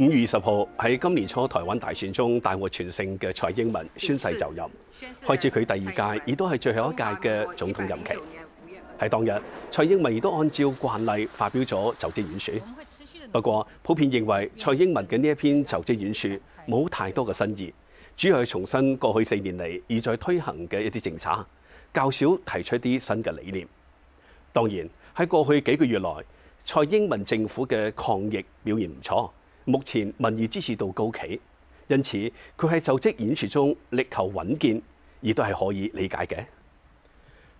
五月二十號喺今年初台灣大選中大獲全勝嘅蔡英文宣誓就任，開始佢第二屆，亦都係最後一屆嘅總統任期。喺當日，蔡英文亦都按照慣例發表咗就職演説。不過，普遍認為蔡英文嘅呢一篇就職演説冇太多嘅新意，主要係重申過去四年嚟而在推行嘅一啲政策，較少提出啲新嘅理念。當然喺過去幾個月來，蔡英文政府嘅抗疫表現唔錯。目前民意支持度高企，因此佢喺就職演說中力求穩健，亦都係可以理解嘅。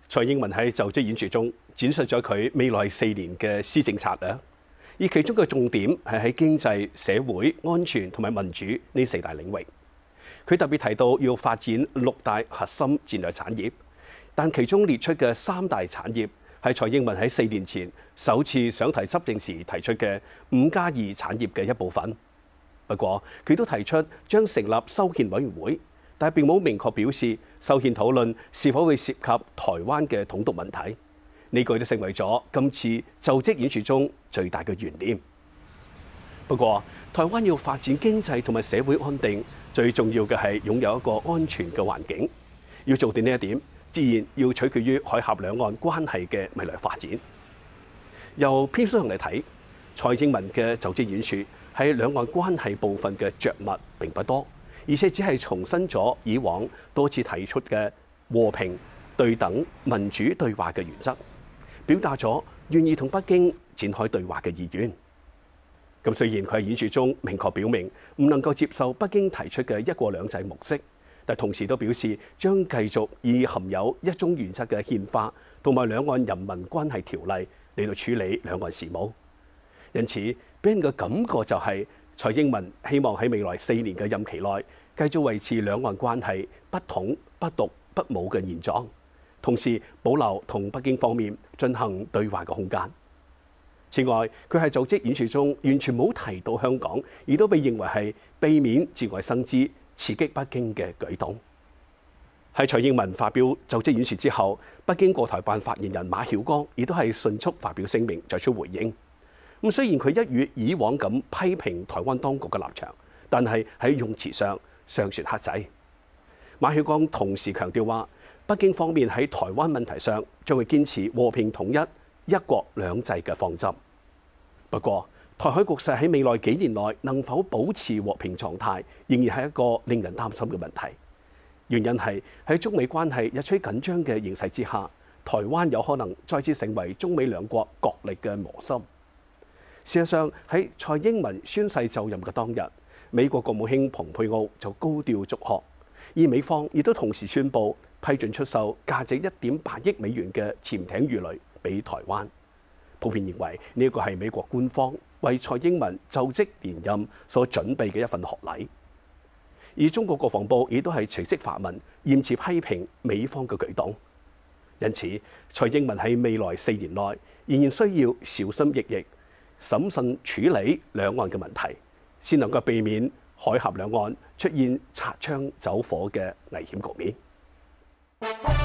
蔡英文喺就職演說中展述咗佢未來四年嘅施政策略，而其中嘅重點係喺經濟、社會、安全同埋民主呢四大領域。佢特別提到要發展六大核心戰略產業，但其中列出嘅三大產業。係蔡英文喺四年前首次上台執政時提出嘅五加二產業嘅一部分。不過佢都提出將成立修憲委員會，但係並冇明確表示修憲討論是否會涉及台灣嘅統獨問題。呢句都成為咗今次就職演說中最大嘅懸念。不過台灣要發展經濟同埋社會安定，最重要嘅係擁有一個安全嘅環境。要做掂呢一點，自然要取決於海峽兩岸關係嘅未來發展。由篇幅上嚟睇，蔡英文嘅就職演說喺兩岸關係部分嘅着墨並不多，而且只係重申咗以往多次提出嘅和平、對等、民主對話嘅原則，表達咗願意同北京展開對話嘅意願。咁雖然佢喺演說中明確表明唔能夠接受北京提出嘅一國兩制模式。同時都表示將繼續以含有一中原則嘅憲法同埋兩岸人民關係條例嚟到處理兩岸事務，因此俾人嘅感覺就係蔡英文希望喺未來四年嘅任期內繼續維持兩岸關係不統、不獨、不武嘅現狀，同時保留同北京方面進行對話嘅空間。此外，佢喺組織演説中完全冇提到香港，而都被認為係避免節外生枝。刺激北京嘅舉動。喺蔡英文發表就職演說之後，北京國台辦發言人馬曉光亦都係迅速發表聲明作出回應。咁雖然佢一如以往咁批評台灣當局嘅立場，但係喺用詞上尚算克制。馬曉光同時強調話，北京方面喺台灣問題上將會堅持和平統一、一國兩制嘅方針。不過。台海局勢喺未來幾年內能否保持和平狀態，仍然係一個令人擔心嘅問題。原因係喺中美關係日趨緊張嘅形勢之下，台灣有可能再次成為中美兩國角力嘅磨心。事實上喺蔡英文宣誓就任嘅當日，美國國務卿蓬佩奧就高調祝賀，而美方亦都同時宣布批准出售價值一點八億美元嘅潛艇魚雷俾台灣。普遍認為呢一個係美國官方為蔡英文就職連任所準備嘅一份學禮，而中國國防部亦都係隨即發文，嚴詞批評美方嘅舉動。因此，蔡英文喺未來四年內仍然需要小心翼翼、審慎處理兩岸嘅問題，先能夠避免海峽兩岸出現擦槍走火嘅危險局面。